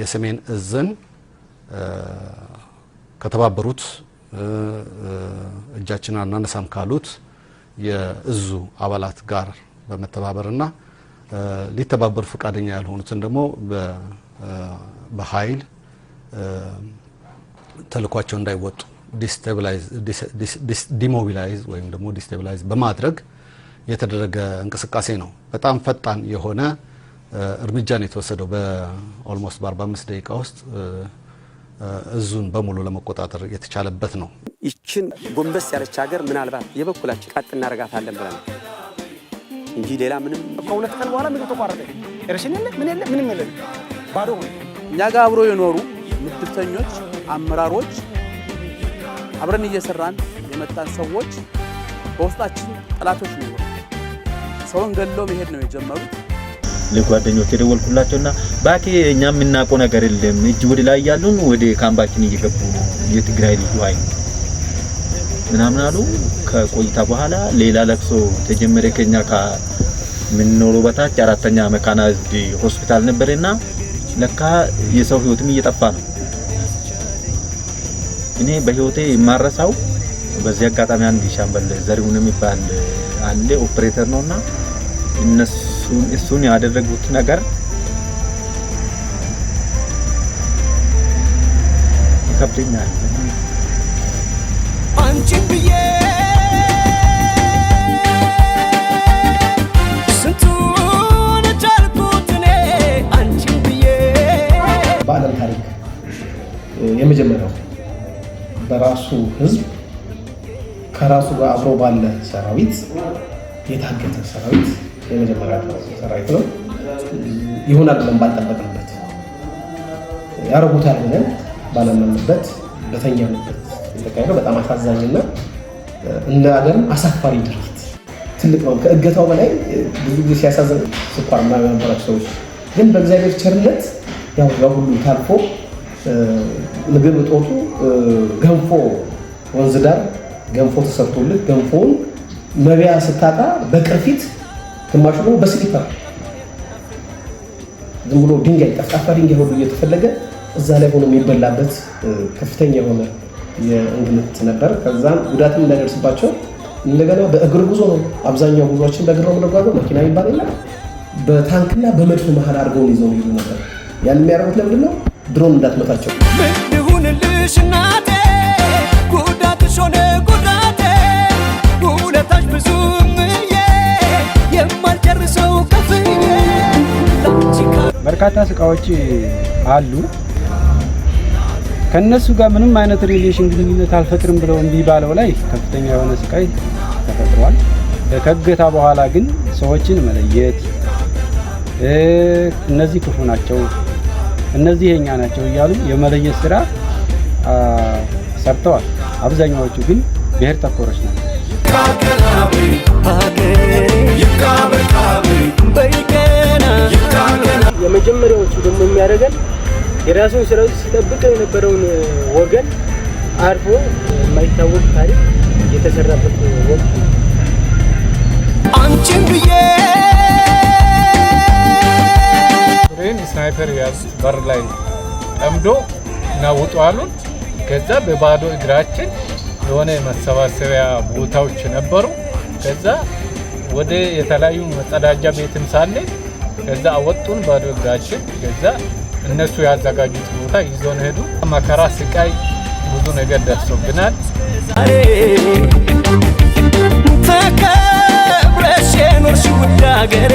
የሰሜን እዝን ከተባበሩት እጃችን አናነሳም ካሉት የእዙ አባላት ጋር በመተባበርና ሊተባበሩ ፈቃደኛ ያልሆኑትን ደግሞ በኃይል ተልኳቸው እንዳይወጡ ዲሞቢላይዝ ወይም ደግሞ ዲስቴብላይዝ በማድረግ የተደረገ እንቅስቃሴ ነው። በጣም ፈጣን የሆነ እርምጃ ነው የተወሰደው። በኦልሞስት በ45 ደቂቃ ውስጥ እዙን በሙሉ ለመቆጣጠር የተቻለበት ነው። ይችን ጎንበስ ያለች ሀገር ምናልባት የበኩላችን ቀጥ እናደርጋታለን ብለን እንጂ ሌላ ምንም ከሁለት ቀን በኋላ ምግብ ተቋረጠ። ረሽን የለ ምን የለ ምንም የለ ባዶ እኛ ጋር አብሮ የኖሩ ምድብተኞች፣ አመራሮች አብረን እየሰራን የመጣን ሰዎች በውስጣችን ጠላቶች ነው። ሰውን ገሎ መሄድ ነው የጀመሩት። ለጓደኞች የደወልኩላቸውና ባኬ እኛ የምናውቀው ነገር የለም እጅ ወደ ላይ ያሉን ወደ ካምባችን እየገቡ ነው የትግራይ ልዩ አይ ምናምን አሉ። ከቆይታ በኋላ ሌላ ለቅሶ ተጀመረ። ከኛ ከምንኖረው በታች አራተኛ መካናይዝድ ሆስፒታል ነበረና ለካ የሰው ህይወትም እየጠፋ ነው። እኔ በህይወቴ የማረሳው በዚህ አጋጣሚ አንድ ሻምበል ዘሪሁን የሚባል አለ ኦፕሬተር ነውና እነሱ እሱን ያደረጉት ነገር ይከብደኛል። አንቺን ብዬ ስንቱን ቻልኩት እኔ አንቺን ብዬ በዓለም ታሪክ የመጀመሪያው በራሱ ህዝብ ከራሱ ጋር አብሮ ባለ ሰራዊት የታገተ ሰራዊት የመጀመሪያ ሰራዊት ነው። ይሆናል ብለን ባልጠበቅንበት ያረጉታል ብለን ባለመንበት በተኛንበት የተካሄደው በጣም አሳዛኝና እንደ አገር አሳፋሪ ድርጊት ትልቅ ነው። ከእገታው በላይ ብዙ ጊዜ ሲያሳዝን ስኳር ምናምን የነበራቸው ሰዎች ግን በእግዚአብሔር ቸርነት ያው ሁሉ ታልፎ ምግብ እጦቱ ገንፎ ወንዝ ዳር ገንፎ ተሰርቶልህ ገንፎውን መቢያ ስታጣ በቅርፊት ግማሹ ደግሞ በስሊፐር ዝም ብሎ ድንጋይ ጠፍጣፋ ድንጋይ ሁሉ እየተፈለገ እዛ ላይ ሆኖ የሚበላበት ከፍተኛ የሆነ የእንግልት ነበር። ከዛም ጉዳትም እንዳይደርስባቸው እንደገና በእግር ጉዞ ነው አብዛኛው ጉዞችን በእግር ነው የምንጓዘው። መኪና የሚባል የለም። በታንክና በመድፍ መሀል አድርገውን ይዘው ይሉ ነበር። ያን የሚያደርጉት ለምንድን ነው? ድሮን እንዳትመታቸው። እናቴ በርካታ ስቃዎች አሉ። ከነሱ ጋር ምንም አይነት ሪሌሽን ግንኙነት አልፈጥርም ብለው እምቢ ባለው ላይ ከፍተኛ የሆነ ስቃይ ተፈጥሯል። ከእገታ በኋላ ግን ሰዎችን መለየት እነዚህ ክፉ ናቸው፣ እነዚህ የኛ ናቸው እያሉ የመለየት ስራ ሰርተዋል። አብዛኛዎቹ ግን ብሔር ተኮሮች ናቸው። የራሱን ስራ ሲጠብቅ የነበረውን ወገን አርፎ የማይታወቅ ታሪክ የተሰራበት ወቅት ነው። አንቺን ብዬ ሬን ስናይፐር ያዝ በር ላይ ጠምዶ ናውጡ አሉን። ከዛ በባዶ እግራችን የሆነ መሰባሰቢያ ቦታዎች ነበሩ። ከዛ ወደ የተለያዩ መጸዳጃ ቤትም ሳለ ከዛ አወጡን ባዶ እግራችን ከዛ እነሱ ያዘጋጁት ቦታ ይዞን ሄዱ። መከራ፣ ስቃይ ብዙ ነገር ደርሶብናል። ተከብረሽ ኖርሽ ውድ አገሬ